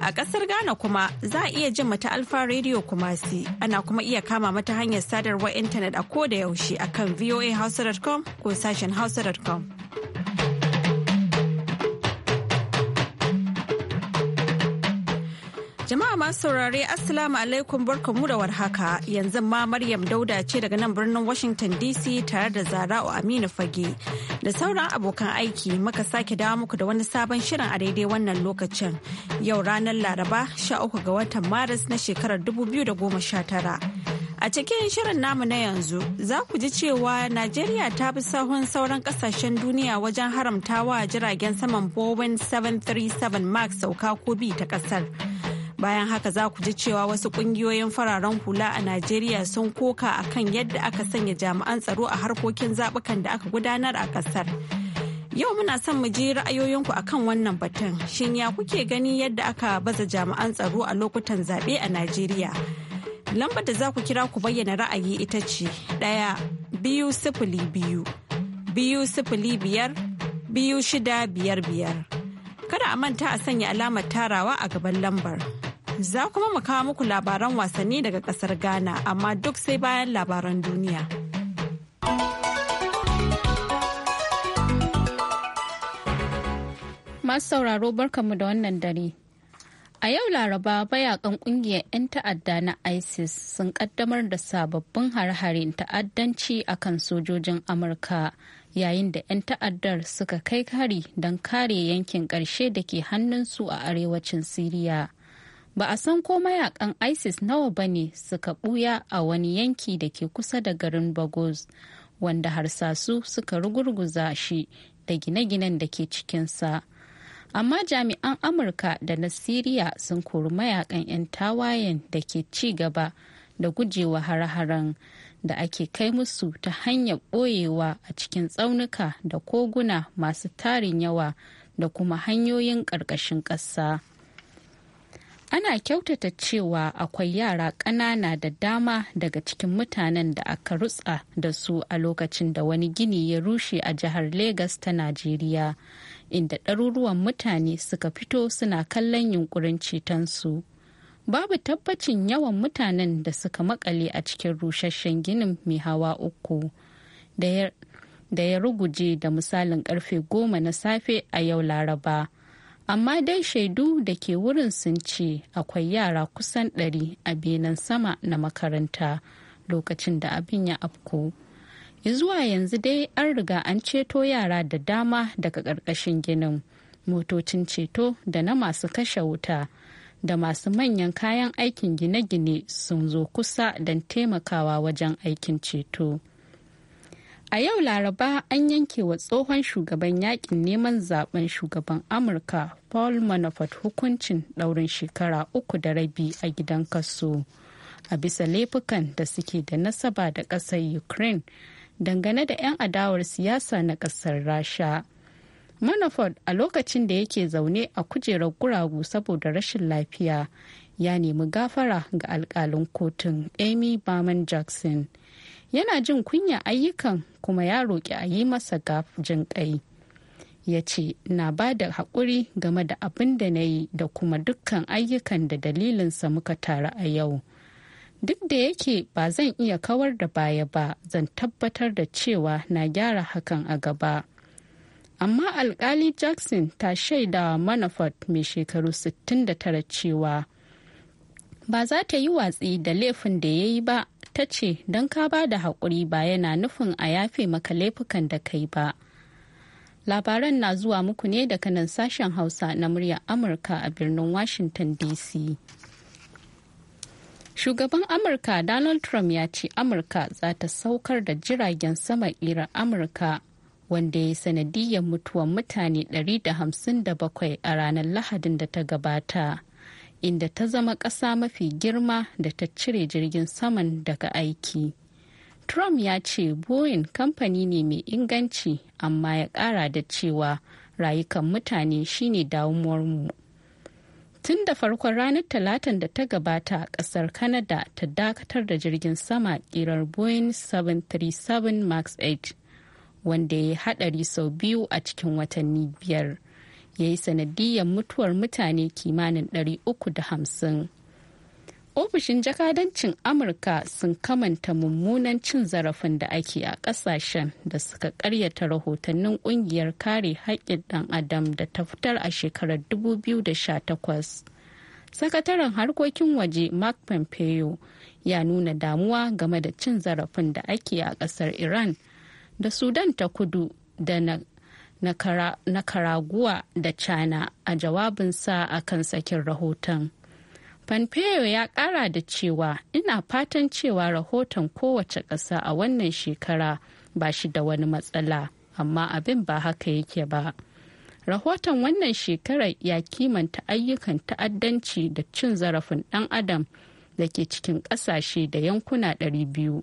A ƙasar Ghana kuma za a iya jin mata Alfa Radio Kumasi ana kuma iya kama mata hanyar sadarwar intanet a ko da yaushe akan voahausa.com ko sashen hausa.com. Jama'a masu saurare Assalamu alaikum barkanmu da warhaka yanzu ma Maryam Dauda ce daga nan birnin Washington DC tare da Zara'u Aminu Fage da sauran abokan aiki muka sake dawo muku da wani sabon shirin a daidai wannan lokacin yau ranar Laraba 13 ga watan Maris na shekarar 2019. A cikin shirin namu na yanzu za ku ji cewa Najeriya ta bi sahun sauran kasashen duniya wajen haramtawa jiragen saman Boeing 737 Max sauka ko bi ta kasar. bayan haka za ku ji cewa wasu kungiyoyin fararen hula a najeriya sun koka akan yadda aka sanya jami'an tsaro a harkokin zabukan da aka gudanar a kasar yau muna son mu ji ra'ayoyinku akan wannan batun shin ya kuke gani yadda aka baza jami'an tsaro a lokutan zaɓe a najeriya lambar da za ku kira ku bayyana ra'ayi ita ce ɗaya biyu sifili biyu biyu sifili biyar biyu shida biyar biyar kada a manta a sanya alamar tarawa a gaban lambar Za kuma mu kawo muku labaran wasanni daga kasar Ghana amma duk sai bayan labaran duniya. Masu sauraro barkanmu da wannan dare. A yau Laraba bayakan kungiyar 'yan ta'adda na ISIS sun kaddamar da sababbin hare hare ta'addanci a kan sojojin Amurka yayin da 'yan ta'addar suka kai kari don kare yankin ƙarshe da ke hannunsu a arewacin Siriya. ba a san ko mayakan isis nawa ba ne suka buya a wani yanki da ke kusa da garin bagos wanda harsasu suka rugurguza shi da gine-ginen da ke cikinsa amma jami'an amurka da na siriya sun kori mayakan 'yan tawayen da ke ci gaba da gujewa hare-haren da ake kai musu ta hanyar ɓoyewa a cikin tsaunuka da koguna masu tarin yawa da kuma hanyoyin ƙarƙashin ƙasa. ana kyautata cewa akwai yara ƙanana da dama daga cikin mutanen da aka rutsa da su a lokacin da wani gini ya rushe a jihar Legas ta Najeriya, inda ɗaruruwan mutane suka fito suna kallon yunkurin cetonsu. Babu tabbacin yawan mutanen da suka makale a cikin rusasshen ginin mai hawa uku da ya ruguje da misalin ƙarfe goma na safe a yau Laraba. amma dai shaidu da ke wurin sun ce akwai yara kusan ɗari a benin sama na makaranta lokacin da abin ya afko zuwa yanzu dai an riga an ceto yara da dama daga ƙarƙashin ginin motocin ceto da na masu kashe wuta da masu manyan kayan aikin gine-gine sun zo kusa don taimakawa wajen aikin ceto. A yau Laraba an yanke wa tsohon shugaban yakin neman zaben shugaban Amurka Paul Manafort hukuncin daurin shekara uku da rabi a gidan kaso. A bisa laifukan da suke da nasaba da ƙasar Ukraine dangane da 'yan adawar siyasa na ƙasar Rasha. Manafort a lokacin da yake zaune a kujerar guragu saboda rashin lafiya ya nemi gafara ga alkalin kotun Amy Berman Jackson. yana jin kunya ayyukan kuma ya roƙi a yi masa gaf jin ƙai ya ce na ba da haƙuri game da abin da na yi da kuma dukkan ayyukan da dalilinsa muka taru a yau duk da yake ba zan iya kawar da baya ba zan tabbatar da cewa na gyara hakan a gaba amma alkali jackson ta shaidawa manafort mai shekaru 69 cewa ba za ta yi watsi da laifin da ya yi ba ta ce don ka ba da haƙuri ba yana nufin a yafe maka laifukan da kai ba labaran na zuwa muku ne daga nan sashen hausa na muryar amurka a birnin washington dc shugaban amurka donald trump ya ce amurka za ta saukar da jiragen sama ƙirar amurka wanda ya sanadiyar mutuwan mutane 157 a ranar lahadin da ta gabata inda ta zama ƙasa mafi girma da ta cire jirgin saman daga aiki. Trump ya ce Boeing kamfani ne mai inganci amma ya ƙara da cewa rayukan mutane shine damuwarmu. Tun da farkon ranar Talatan da ta gabata a ƙasar Canada ta dakatar da jirgin sama ƙirar Boeing 737 MAX 8 wanda ya yi haɗari sau biyu a cikin watanni biyar. ya yi sanadiyar mutuwar mutane kimanin 350. ofishin jakadancin amurka sun kamanta mummunan cin zarafin da ake a kasashen da suka karyata rahotannin kungiyar kare haƙƙin ɗan adam da ta fitar a shekarar 2018 sakataren harkokin waje mark pompeo ya nuna damuwa game da cin zarafin da ake a ƙasar iran da sudan ta kudu da na na karaguwa da China a jawabinsa a kan sakin rahoton. Pompeo ya kara da cewa ina fatan cewa rahoton kowace ƙasa a wannan shekara ba shi da wani matsala, amma abin ba haka yake ba. Rahoton wannan shekarar ya kimanta ayyukan ta'addanci da cin zarafin dan adam da ke cikin ƙasashe da yankuna 200.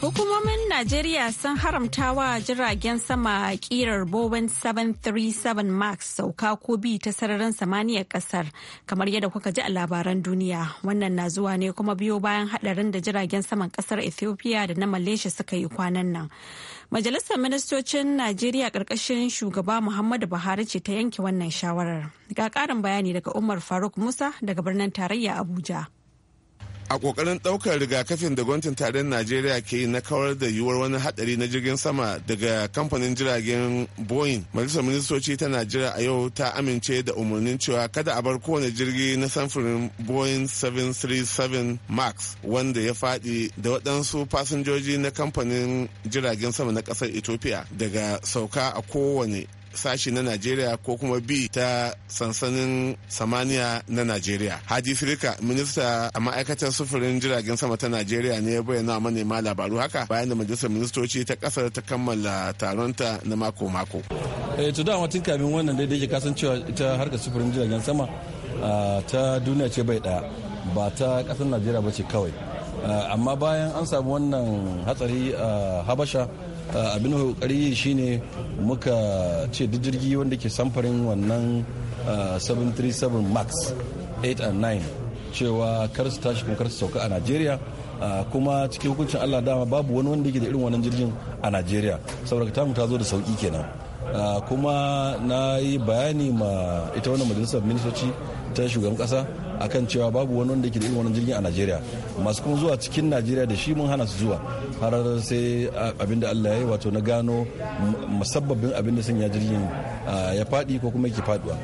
Hukumomin Najeriya sun haramta wa jiragen sama kirar Boeing 737 Max sauka ko bi ta sararin samaniyar kasar kamar yadda kuka ji a labaran duniya. Wannan na zuwa ne kuma biyo bayan hadarin da jiragen saman kasar Ethiopia da na Malaysia suka yi kwanan nan. Majalisar Ministocin Najeriya ƙarƙashin shugaba Muhammadu Buhari ce ta yanke wannan shawarar. Ga ƙarin bayani daga Umar Faruk Musa daga birnin tarayya Abuja. a kokarin daukar rigakafin da gwamnatin tarayyar najeriya ke yi na kawar da yiwuwar wani hadari na jirgin sama daga kamfanin jiragen boeing majalisar ministoci ta najeriya a yau ta amince da umarnin cewa kada a bar kowane jirgi na samfurin boeing 737 max wanda ya fadi da waɗansu fasinjoji na kamfanin jiragen sama na kasar ethiopia daga sauka a kowane sashi na najeriya ko kuma Bi ta sansanin samaniya na najeriya Haji sirika minista a ma'aikatar sufurin jiragen sama ta najeriya ne ya bayyana manema labaru haka bayan da majalisar ministoci ta kasar ta kammala taronta na mako-mako eh to da tun kamin wannan dai da yake kasancewa ita harka sufurin jiragen sama ah, ta duniya ce bai daya ba ta kasar najeriya ba ce kawai ah, amma bayan an samu wannan hatsari a habasha Eh, abin kokari shine muka ce duk jirgi wanda ke samfarin wannan 737 eh, max 8 and 9 cewa kar su tashi kuma kar su sauka a najeriya eh, kuma cikin hukuncin allah dama babu wani wanda yake da irin wannan jirgin a najeriya saboda tamu ta zo da sauki kenan kuma na yi bayani ma ita wannan majalisar ministoci ta shugaban kasa akan cewa babu wani wanda ke da irin wannan jirgin a Najeriya masu kuma zuwa cikin Najeriya da shi mun hana su zuwa har sai abin da Allah ya yi wato na gano musabbabin abin da sanya jirgin ya faɗi ko kuma yake faduwa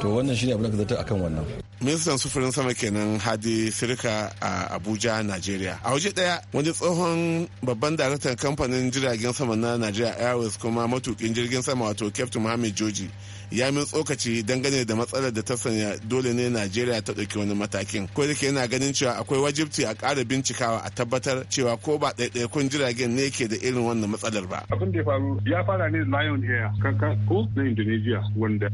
to wannan shine abin da ka zata akan wannan ministan sufurin sama kenan hadi sirika a abuja nigeria a waje daya wani tsohon babban daraktan kamfanin jiragen sama na nigeria airways kuma matukin jirgin sama wato captain muhammad joji ya min tsokaci dangane da matsalar da ta sanya dole ne Nigeria ta dauki wani matakin ko da yana ganin cewa akwai wajibci a ƙara bincikawa a tabbatar cewa ko ba ɗaiɗaikun jiragen ne ke da irin wannan matsalar ba abin da ya faru ya fara ne lion air kankan ko na indonesia wanda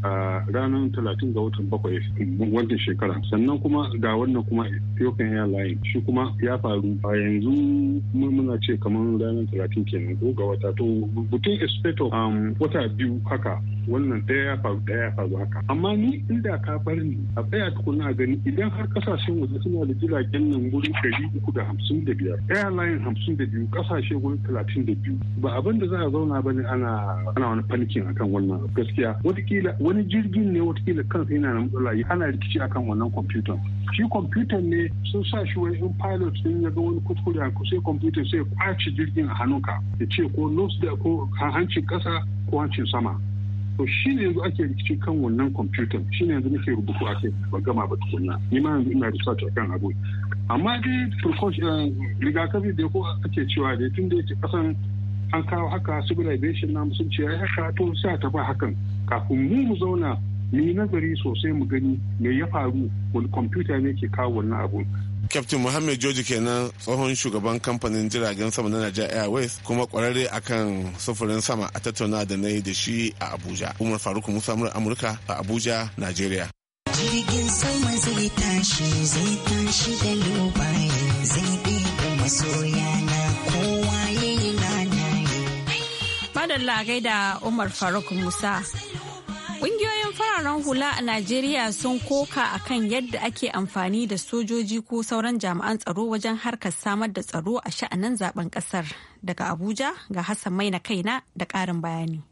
ranar talatin ga watan bakwai wannan shekara shekara sannan kuma ga wannan kuma ethiopian airline shi kuma ya faru a yanzu muna ce kamar ranar talatin kenan ko ga wata to mutum expect um, wata biyu haka wannan daya ya faru daya ya faru haka amma ni inda ka bar ni a tsaya tukuna a gani idan har kasashen waje suna da jiragen nan wurin ɗari uku da hamsin da biyar airline hamsin da biyu kasashe wurin talatin da biyu ba abin da za a zauna ba ne ana ana wani panikin akan wannan gaskiya watakila wani jirgin ne watakila kansa yana da matsala ana rikici akan wannan kwamfutan shi kwamfutan ne sun sa shi wai in pilot din ya ga wani kuskure a sai kwamfutan sai kwace jirgin a hannunka ya ce ko nose da ko hancin kasa ko hancin sama to shi ne yanzu ake rikici kan wannan kwamfutan shi ne yanzu nake rubutu a kai ba gama ba tukunna ni ma yanzu ina research akan abu amma dai eh, rigakafi da ko ake cewa da tun da yake kasan an kawo haka civilization na sun ce ya haka to sai ta ba hakan kafin mu mu zauna ni nazari sosai mu gani me ya faru wani kwamfuta ne ke kawo wannan abun Captain Muhammad Joji kenan tsohon shugaban kamfanin jiragen sama na Niger Airways kuma kwararre akan sufurin sama a tattauna da na yi da shi a Abuja. Umar Faruk Musa Amurka a Abuja, Nigeria. Jirgin sama zai tashi zai tashi da zai masoya na kowa yayi na Madalla gaida Umar Faruk Musa. Ƙungiyoyin fararen hula a Najeriya sun koka a kan yadda ake amfani da sojoji ko sauran jami'an tsaro wajen harkar samar da tsaro a sha'anin zaben ƙasar. Daga Abuja ga Hassan mai na kaina da ƙarin bayani.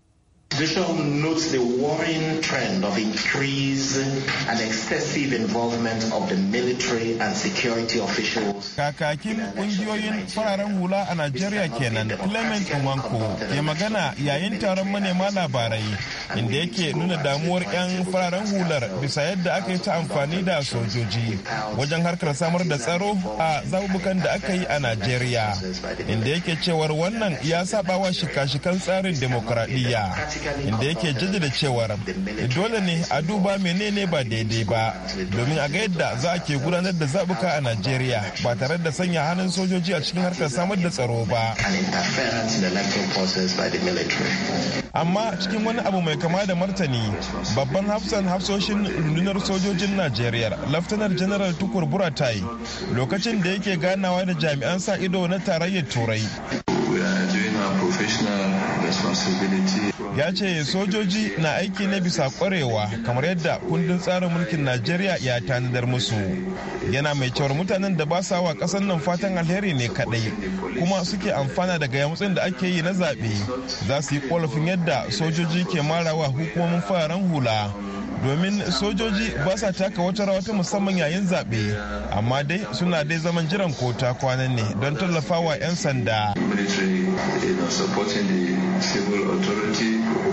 Bishop notes the worrying trend of increase and excessive involvement of the military and security officials. Kakakin kungiyoyin fararen hula a Najeriya kenan Clement Nwanko ke magana yayin taron manema labarai inda yake nuna damuwar 'yan fararen hular bisa yadda aka yi ta amfani da sojoji wajen harkar samar da tsaro a zabubukan da aka yi a Najeriya inda yake cewar wannan ya saba wa shika-shikan tsarin demokradiyya. inda yake jaddada cewar dole ne a duba menene ba daidai ba domin a ga yadda za a ke gudanar da zabuka a najeriya ba tare da sanya hannun sojoji a cikin harkar samar da tsaro ba amma cikin wani abu mai kama da martani babban hafsan hafsoshin rundunar sojojin najeriya laftanar janaral tukur buratai lokacin da yake ganawa da jami'an sa ido na tarayyar turai We professional responsibility ya ce sojoji na aiki na bisa kwarewa kamar yadda kundin tsarin mulkin najeriya ya tanadar musu yana mai cewar mutanen da ba sa wa kasan nan fatan alheri ne kadai kuma suke amfana daga yamutsin da ake yi na zaɓe za su yi ƙorafin yadda sojoji ke marawa hukumomin fararen hula domin sojoji ba sa taka wata rawa ta musamman yayin zaɓe amma dai suna dai zaman jiran kota kwanan ne don tallafawa 'yan sanda.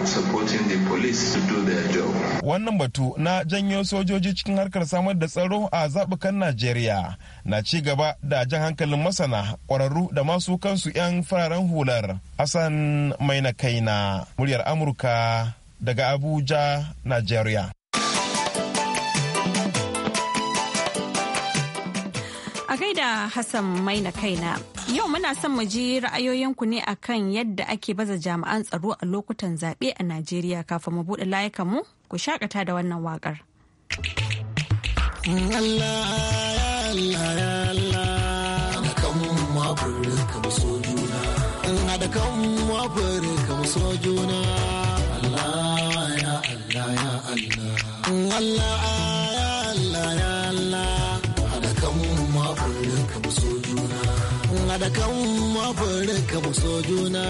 supporting the police to do their job. Wannan batu na janyo sojoji cikin harkar samar da tsaro a zaɓukan Najeriya na ci gaba da jan hankalin masana ƙwararru da masu kansu 'yan fararen hular. Hassan Maina Kaina, muryar Amurka daga Abuja, Najeriya. Ina Hassan Maina kaina. Yau muna son mu ji ra'ayoyinku ne akan yadda ake baza jami'an tsaro a lokutan zaɓe a Najeriya kafin mu buɗe layukanmu ku shakata da wannan waƙar. Allah ya Allah ya Allah da kan mafarka mu so juna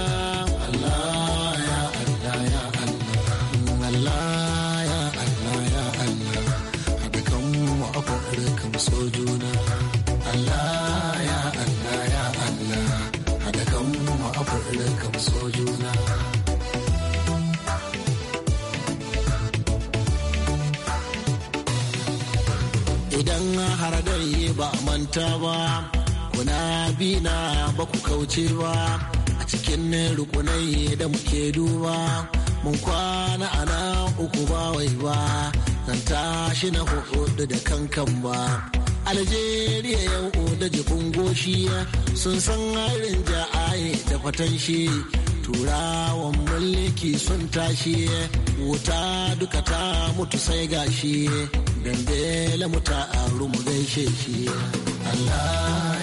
Allah ya Allah ya Allah Allah ya Allah ya Allah da kan ya Allah ya juna ina ba ku kauce ba a cikin rukunai da muke duba mun kwana ana uku ba wai ba zan tashi na hudu da kankan ba Algeria yau da jikin goshi sun san harin ja'aye da fatan shi turawan mulki sun tashi wuta duka ta mutu sai gashi dambela mu ta aru mu gaishe shi Allah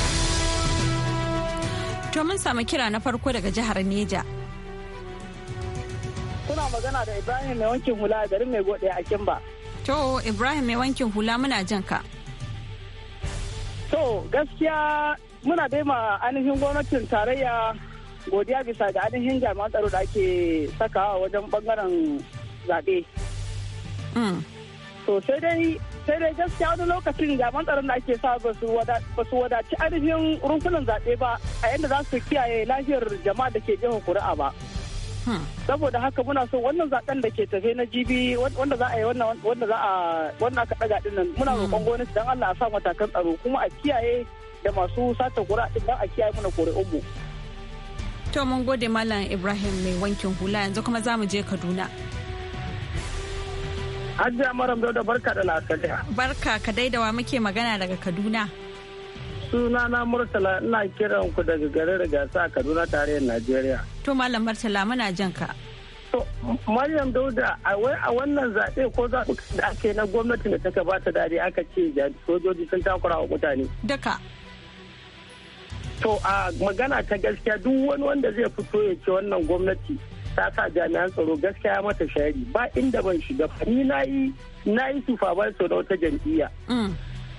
To mun samu kira na farko daga jihar Neja. Kuna magana da Ibrahim mai wankin hula a garin mai gode a Kimba. To Ibrahim mai wankin hula muna jin ka. To gaskiya muna dai ma ainihin gwamnatin tarayya godiya bisa ga ainihin jami'an tsaro da ake sakawa wajen bangaren zaɓe. Mm. To sai dai sai dai gaskiya wani lokacin jaman tsaron da ake sa ba su wadaci ainihin rumfunan zaɓe ba a yadda za su kiyaye lafiyar jama'a da ke jefa kuri'a ba. Hmm. saboda haka muna so wannan zaɓen da ke tafe na jibi wanda za a yi wanda za a wanda aka ɗaga ɗin nan muna hmm. roƙon gwamnati dan Allah a sa matakan tsaro kuma a kiyaye da masu sata kuri'a din dan a kiyaye muna kuri'un mu to mun gode malam Ibrahim mai wankin hula yanzu kuma za mu je Kaduna Hajiya Maram Dauda barka da lasariya. Barka ka daidawa muke magana daga Kaduna. Suna na Murtala ina kiran ku daga garin Rigasa a Kaduna tarayyar Najeriya. To Malam Murtala muna jan ka. To Maryam Dauda a wai a wannan zaɓe ko zaɓukan da ake na gwamnati da ta gabata dadi aka ce sojoji sun takura wa mutane. Daka. To a magana ta gaskiya duk wani wanda zai fito ya ce wannan gwamnati ta sa jami'an tsaro gaskiya mata shari ba inda ban shiga ba ni na yi na yi supervisor na wata jam'iyya mm.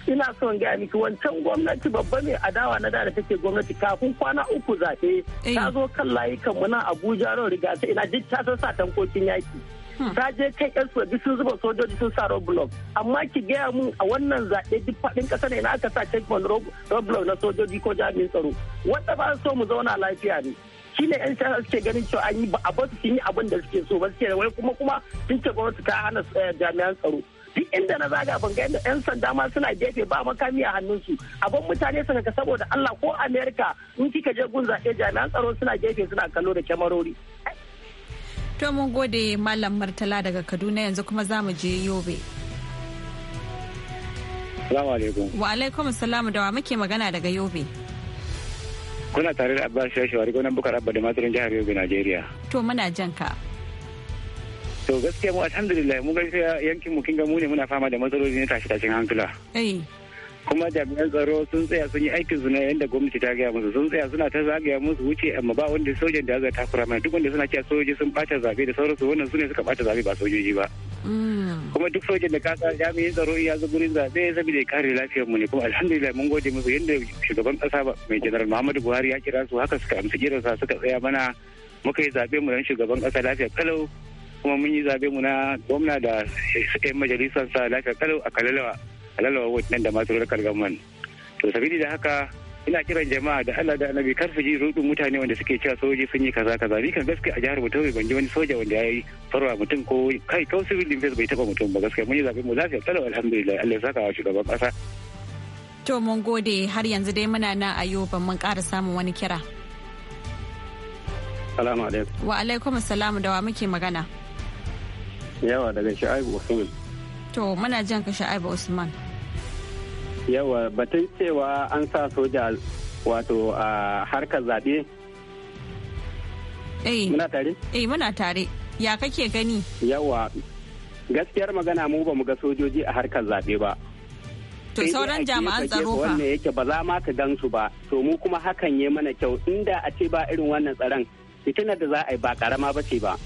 ina son gaya miki wancan gwamnati babba mai adawa na da da take gwamnati kafin kwana uku zaɓe eh. ta zo kan layukan mu na abuja ran riga ta ina duk ta sa tankokin yaki hmm. ta je kai yan sojoji sun zuba sojoji sun sa roblox amma ki gaya mun a wannan zaɓe duk faɗin ƙasa ne na aka sa checkpoint roblox na sojoji ko jami'in tsaro wanda ba so mu zauna lafiya ne shi ne yan shara suke ganin cewa an yi ba a basu sun yi abin da suke so ba suke wai kuma kuma sun ce gwamnati ta hana eh, jami'an tsaro duk inda na zaga ban ga yan sanda ma suna gefe ba makami a hannunsu abin mutane suna ka saboda Allah ko america in kika je gun zaɓe jami'an tsaro suna gefe suna kallo da kyamarori. To mun gode Malam Martala daga Kaduna yanzu kuma za mu je Yobe. Salamu alaikum. Wa alaikum salamu da wa muke magana daga Yobe. kuna tare da abbas ya shawari gonan bukar abba da maturin jihar yobe najeriya to muna jan ka to gaskiya mu alhamdulillah mu gaskiya yankin mu kin ga mu ne muna fama da matsaloli ne tashi tashin hankula eh. kuma jami'an tsaro sun tsaya sun yi aikin su yanda yadda gwamnati ta gaya musu sun tsaya suna ta zagaya musu wuce amma ba wanda sojan da zai takura mana duk wanda suna cewa sojoji sun bata zabe da sauransu wannan su ne suka bata zabe ba sojoji ba kuma duk sojan da kasa jami'in tsaro ya zo gurin zaɓe saboda ya kare lafiyar mu ne kuma alhamdulillah mun gode musu yadda shugaban kasa ba mai general muhammadu buhari ya kira su haka suka amsa kiransa suka tsaya mana muka yi zaɓe mu dan shugaban kasa lafiya kalau kuma mun yi zaɓe mu na gwamna da yan majalisar sa lafiya kalau a kalalawa kalalawa ward nan da masu rikar gamman to sabili da haka ina kiran jama'a da Allah da Annabi kar su ji rudin mutane wanda suke cewa sojoji sun yi kaza kaza ni kan gaskiya a jihar mu ban ji wani soja wanda yayi farwa mutum ko kai ko civil defense bai taba mutum ba gaskiya mun yi zabe mu lafiya talo alhamdulillah Allah ya saka wa shugaban kasa to mun gode har yanzu dai muna nan a yau ban mun ƙara samun wani kira Salamu alaikum. Wa alaikum salamu da wa muke magana. Yawa daga Sha'ibu Usman. To muna jan ka Sha'ibu Usman. yawa batun cewa an sa soja wato a harkar zaɓe eh. muna tare? eh muna tare ya kake gani yawa gaskiyar magana mu ba mu ga sojoji a harkar zaɓe ba to sauran jami'an tsaro fa wannan yake ba za ma ka gansu ba to mu kuma hakan ya mana kyau inda a ce ba irin wannan tsaron fitinar da za a yi ba karama ba ce ba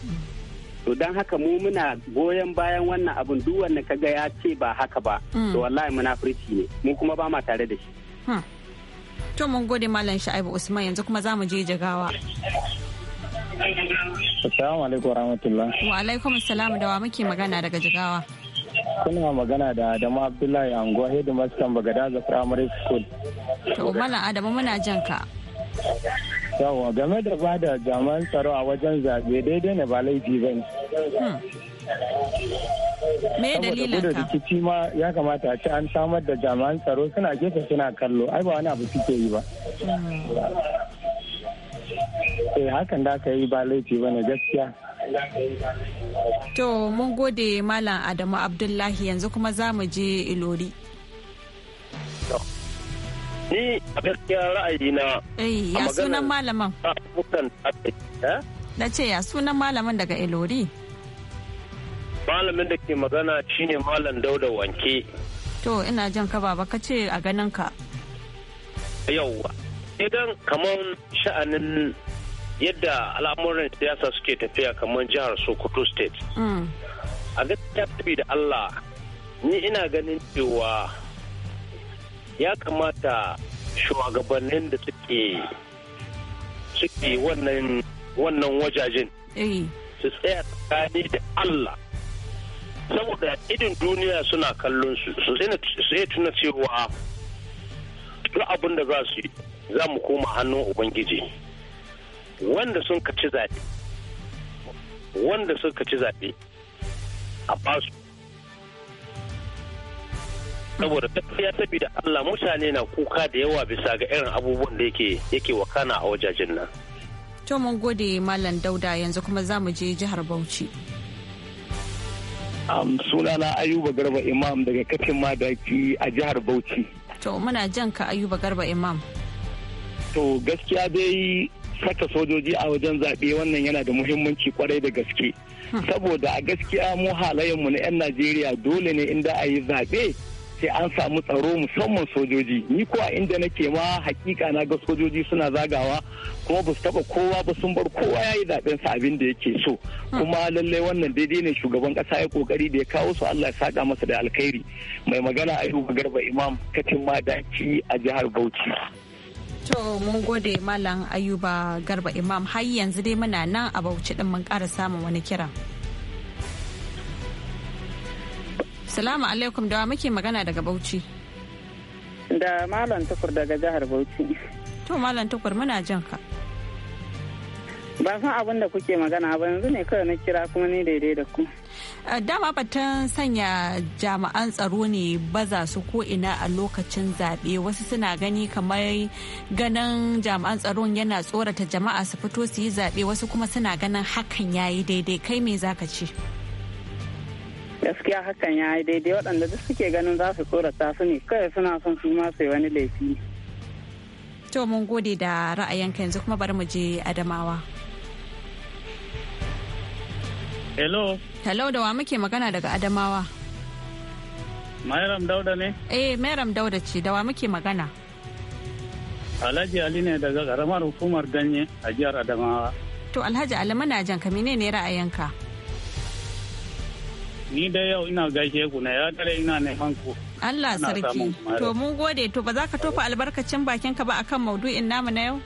to don haka mu muna goyon bayan wannan abin duk wanda kaga ya ce ba haka ba to hmm. wallahi munafurci ne mu kuma ba ma tare da shi hmm. to mun gode malam sha'ibu usman yanzu kuma za mu je jagawa Assalamu alaikum warahmatullah. Wa alaikum assalam da wa muke magana daga jagawa. Kuna magana da Adamu Abdullahi Anguwa bagada ga Primary School. To Mala Adamu muna jan ka. Yawa game da bada jaman tsaro a wajen zaɓe daidai ne ba laifi ba ne. Hmm. me dalilin ka rikici ma ya kamata a ci an samar da jami'an tsaro suna gefe suna kallo ai ba wani abu suke yi ba hmm. eh hakan da aka yi ba laifi bane gaskiya to mun gode malam adamu abdullahi yanzu kuma za mu je ilori ni a gaskiya eh ya sunan malaman eh? na ce ya sunan malaman daga ilori Malamin da ke magana shine Malam Dauda Wanke. To ina jan ka baba ka ce a ganin ka. Yauwa. Idan kamar sha'anin yadda al'amuran siyasa suke tafiya kamar jihar Sokoto State. Mm. A gaskiya tafi da Allah ni ina ganin cewa ya kamata shugabannin da suke suke wannan wannan wajajen eh. su tsaya tsakani da Allah saboda idin duniya suna kallon su sai tuna cewa duk abin da za su yi za mu koma hannun ubangiji wanda sun kaci zaɓe wanda sun kaci zaɓe a basu saboda tafiya da Allah mutane na kuka da yawa bisa ga irin abubuwan da yake wakana a wajajen nan. To mun gode Malam Dauda yanzu kuma za mu je jihar Bauchi. Um, sunana Ayuba Garba Imam daga kafin madaki a jihar Bauchi. To muna jan ka Ayuba Garba Imam. To gaskiya dai saka sojoji a wajen zaɓe wannan yana da muhimmanci kwarai da gaske. Hmm. Saboda a gaskiya mu halayenmu na 'yan Najeriya dole ne inda a yi zaɓe sai an samu tsaro musamman sojoji ni ko a inda nake ma hakika na ga sojoji suna zagawa kuma ba su taba kowa ba sun bar kowa ya yi zaben sa abin da yake so kuma lallai wannan daidai ne shugaban kasa ya kokari da ya kawo su Allah ya saka masa da alkhairi mai magana ayuba garba imam katin madaki a jihar Bauchi To mun gode Malam Ayuba Garba Imam har yanzu dai muna nan a Bauchi din mun ƙara samun wani kiran. Assalamu alaikum da muke magana daga Bauchi. Da Malam Tukur daga jihar Bauchi. To Malam Tukur muna jin ka. Ba san abin da kuke magana ba yanzu ne kawai na kira kuma ni daidai da ku. Dama batun sanya jami'an tsaro ne baza su ko ina a lokacin zaɓe wasu suna gani kamar ganin jami'an tsaron yana tsorata jama'a su fito su yi zaɓe wasu kuma suna ganin hakan yayi daidai kai me zaka ce? gaskiya hakan ya yi daidai waɗanda duk suke ganin za su korata su ne kawai suna son su ma sai wani laifi to mun gode da ra'ayinka yanzu kuma bari mu je adamawa hello hello da wa muke magana daga adamawa Mairam Dauda ne? Eh, Mairam Dauda ce, da wa muke magana? Alhaji Ali ne daga karamar hukumar ganye a jihar Adamawa. To Alhaji Ali muna jan ka menene ra'ayinka? ni da yau ina gaishe ku na ya tare ina ne hanku Allah sarki to mun gode to ba za ka tofa albarkacin bakin ka ba akan maudu'in namu na yau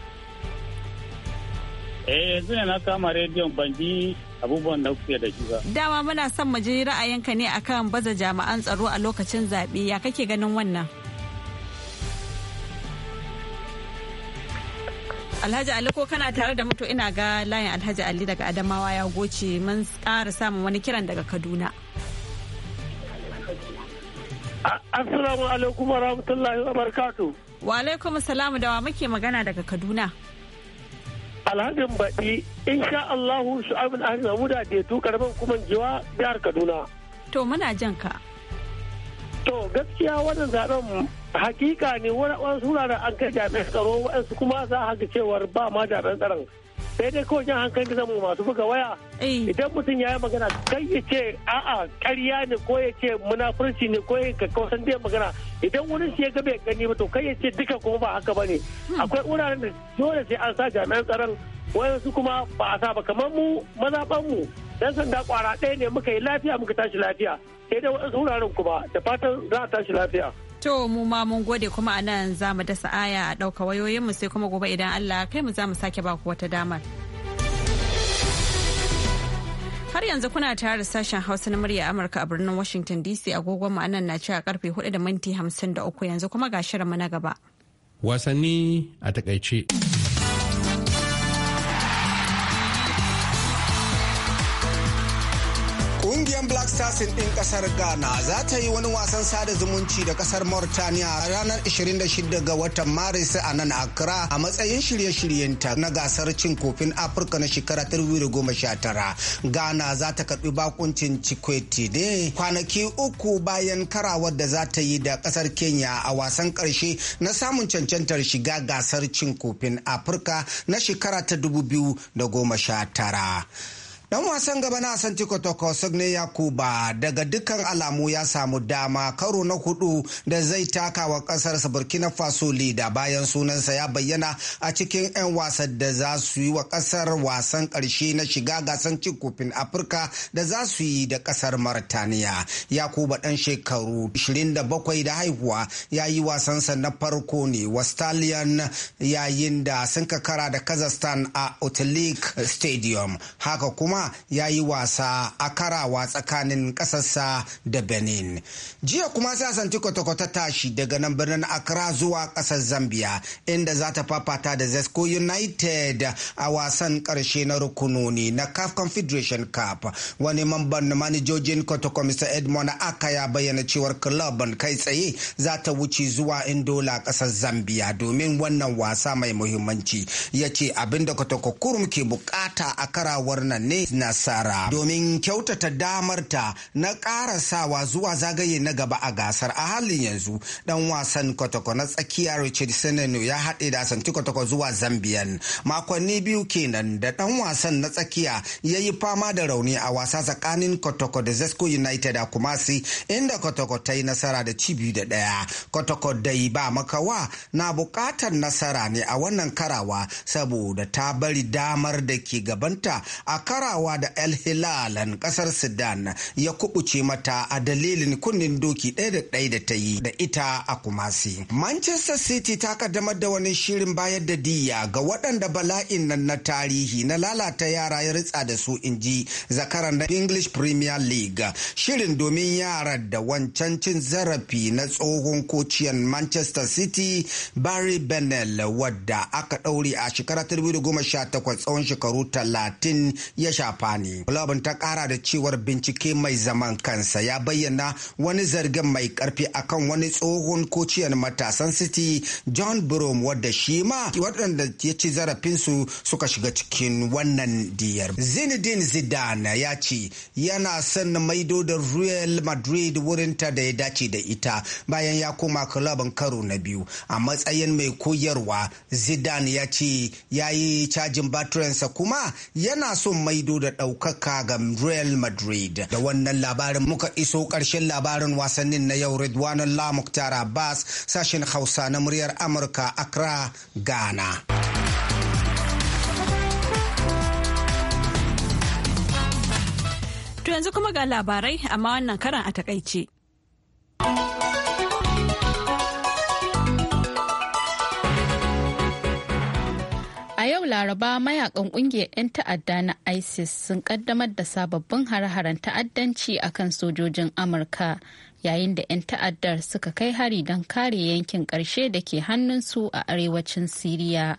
eh yanzu na kama rediyon ban ji abubuwan da kuke da shi ba dama muna son mu ji ra'ayinka ne akan baza jami'an tsaro a lokacin zaɓe ya kake ganin wannan Alhaji Ali ko kana tare da mutu ina ga layin Alhaji Ali daga Adamawa ya goce mun ƙara samun wani kiran daga Kaduna. Assalamu alaikum wa rahmatullahi wa barakatu. Wa alaikum salamu da wa muke magana daga Kaduna. Alhajin baɗi insha Allahu shu'abin ahli da ya tukar kuma jiwa jihar Kaduna. To muna jan ka. To gaskiya wannan zaben hakika ne wasu da an kai jami'an tsaro wa'ansu kuma za a ga cewar ba ma jami'an tsaron. Sai dai kawai jan hankali zamu masu buga waya. Idan mutum ya yi magana kai ya ce a'a karya ne ko ya ce munafurci ne ko ya kawasan da magana idan wani shi ya ga bai gani ba to kai ya ce duka kuma ba haka ba ne. Hmm. Akwai wuraren da dole sai an sa jami'an tsaron wayansu kuma ba a sa ba kamar mu mazaɓan mu dan sanda kwara ɗaya ne muka yi lafiya muka tashi lafiya sai dai wasu wuraren kuma da fatan za a tashi lafiya. To mu ma mun gode kuma a nan za mu dasa aya a ɗauka wayoyinmu sai kuma gobe idan Allah kai mu za mu sake baku wata damar. Har yanzu kuna tare da sashen Hausa na murya Amurka a birnin Washington DC agogon mu anan na ci a karfe 4 da minti 53 yanzu kuma ga mu na gaba. Wasanni a takaice. tasin ɗin ƙasar Ghana za ta yi wani wasan sada zumunci da ƙasar Mauritania ranar 26 ga watan Maris a nan Accra a matsayin shirye-shiryenta na gasar cin kofin Afirka na shekara 2019. Ghana za ta karɓi bakuncin Chikwete ne kwanaki uku bayan karawar da za ta yi da ƙasar Kenya a wasan ƙarshe na samun cancantar shiga gasar cin kofin Afirka na shekara ta 2019. Dan wasan gaba na Asante Kotoko Sogne Yakuba daga dukkan alamu ya samu dama karo na hudu da zai taka wa kasar Burkina Faso da bayan sunansa ya bayyana a cikin 'yan wasan da za su yi wa kasar wasan karshe na shiga gasan cin kofin Afirka da za su yi da kasar Mauritania. Yakuba dan shekaru 27 da haihuwa ya yi wasansa na farko ne wa Stallion yayin da sun kakara da Kazakhstan a Otelik Stadium. Haka kuma ya yi wasa a karawa tsakanin ƙasarsa da benin jiya kuma sasanti kwata-kwata tashi daga nan birnin accra zuwa ƙasar zambia inda za ta fafata da zesco united a wasan ƙarshe na rukunoni na caf confederation cup wani mamban manijojin kwata-kwata mr edmond aka ya bayyana cewar club kai tsaye za ta wuce zuwa indola ƙasar zambia domin wannan wasa mai muhimmanci ya ce abinda kwata-kwata kurum ke bukata a karawar nan ne nasara domin kyautata damarta na karasawa zuwa zagaye na gaba a gasar a halin yanzu dan wasan kotoko na tsakiya richard senenu ya haɗe da asanti kotoko zuwa zambian makonni biyu kenan da dan wasan na tsakiya ya yi fama da rauni a wasa tsakanin kotoko da zesco united a kumasi inda kwatako ta yi nasara da ci da ɗaya kotoko dai ba makawa na buƙatar nasara ne a wannan karawa saboda ta bari damar da ke gabanta a karawa fafatawa da El Hilalan kasar Sudan ya kubuce mata a dalilin kunnen doki ɗaya da ɗaya da ta yi da ita a Kumasi. Manchester City ta kaddamar da wani shirin bayar da diya ga waɗanda bala'in nan na tarihi na lalata yara ya ritsa da su in ji zakaran na English Premier League. Shirin domin yara da wancan cin zarafi na tsohon kociyan Manchester City Barry Bennell wadda aka ɗaure a shekara 2018 tsawon shekaru 30 ya shafa ne blobin ta kara da cewar bincike mai zaman kansa ya bayyana wani zargin mai karfi akan wani tsohon kociyar matasan city john brom wadda shi ma waɗanda ya ci zarafinsu suka shiga cikin wannan diyar zinedine zidane ya ce yana son maido da real madrid wurinta da ya dace da ita bayan ya koma kulabin karo na biyu a matsayin mai koyarwa zidane ya ce ya yi cajin batirinsa kuma yana son maido ido da ɗaukaka ga Real Madrid. Da wannan labarin muka iso ƙarshen labarin wasannin na yau Ridwan La Mukhtar Abbas sashen Hausa na muryar Amurka Accra, Ghana. To yanzu kuma ga labarai amma wannan karan a takaice. Laraba mayakan kungiyar 'yan ta'adda na ISIS sun kaddamar da sababbin har-haren ta'addanci kan sojojin Amurka yayin da 'yan ta'addar suka kai hari don kare yankin ƙarshe da ke hannunsu a arewacin Siriya.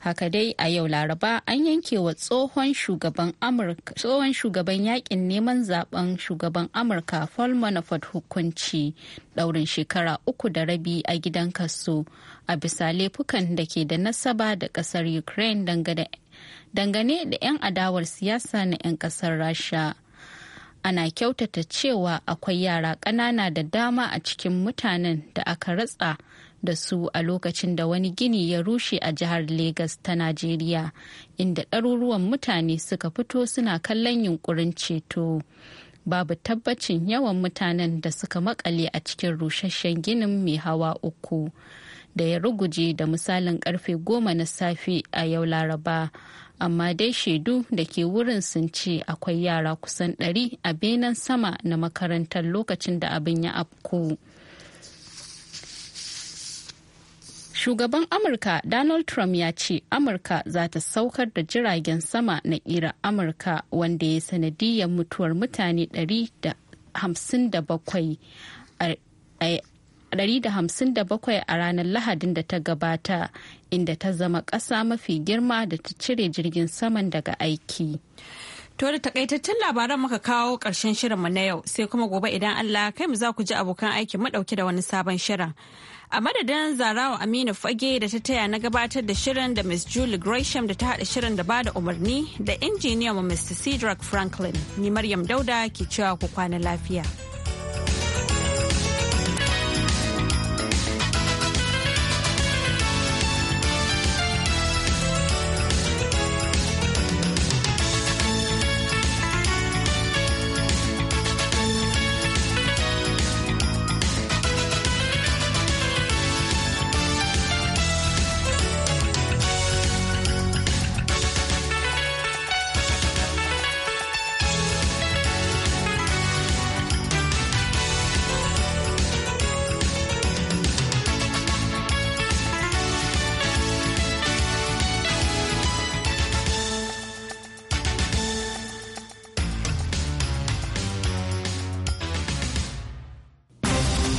haka dai a yau laraba an yanke wa tsohon shugaban amurka tsohon shugaban yakin neman zaben shugaban amurka paul manafort hukunci daurin shekara uku da rabi a gidan kaso a bisa laifukan da ke da nasaba da kasar ukraine dangane da 'yan adawar siyasa na 'yan kasar rasha ana kyautata cewa akwai yara ƙanana da dama a cikin mutanen da aka ratsa da su a lokacin da wani gini ya rushe a jihar Legas ta Najeriya, inda ɗaruruwan mutane suka fito suna kallon yunkurin ceto. Babu tabbacin yawan mutanen da suka makale a cikin rusasshen ginin mai hawa uku da ya ruguje da misalin karfe goma na safe a yau Laraba. amma dai shaidu da ke wurin sun ce akwai yara kusan ɗari a benen sama na makarantar lokacin da abin ya afku. Shugaban Amurka Donald Trump ya ce Amurka za ta saukar da jiragen sama na ƙira Amurka wanda ya sanadiyar mutuwar mutane 157 a ranar Lahadin da ta gabata inda ta zama ƙasa mafi girma da ta cire jirgin saman daga aiki. To da takaitaccen labaran muka kawo ƙarshen shirinmu na yau sai kuma gobe idan Allah kai mu za ku ji abokan aiki madauke da wani sabon shirin. A madadin Zarawa Aminu Fage da ta taya na gabatar da shirin da Miss Julie Gresham da ta haɗa shirin da bada umarni da injiniyan Mr. Cedric Franklin. Ni Maryam Dauda ke cewa ku kwana lafiya.